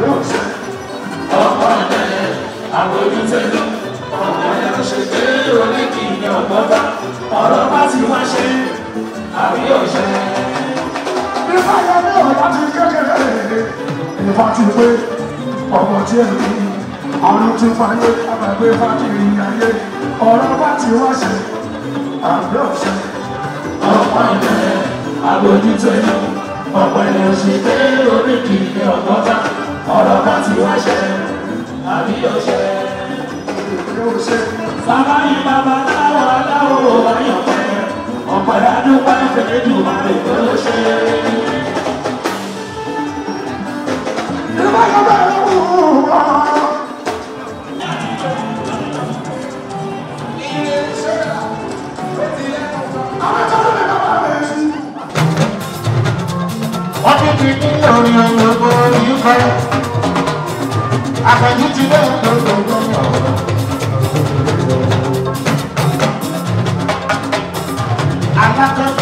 ọmọ rẹ àbójútẹ́lú ọmọ rẹ tó ṣe dé orí kìíní ọgbọ́ta ọ̀rọ̀ bá ti wá ṣe àbí òṣè. nípa ìyá náà láti kékeré nípa ti pé ọmọ tí ẹ ní ọdún tí wáṣẹ àbí ọṣẹ. Bàbá yìí bàbá táwọn aláwọ̀ ayọ̀kẹ́ ọ̀pẹ̀lá dúpẹ́ fèrè jù máa lè tó ló ṣe. Ìgbà yóò bẹ̀rẹ̀ wù wá. Wọ́n ti ti ní orin ọ̀gbọ̀n ní kọ́ àkànjú ti dé gbọ̀ngbọ̀ngbọ̀. alákọ̀ọ́.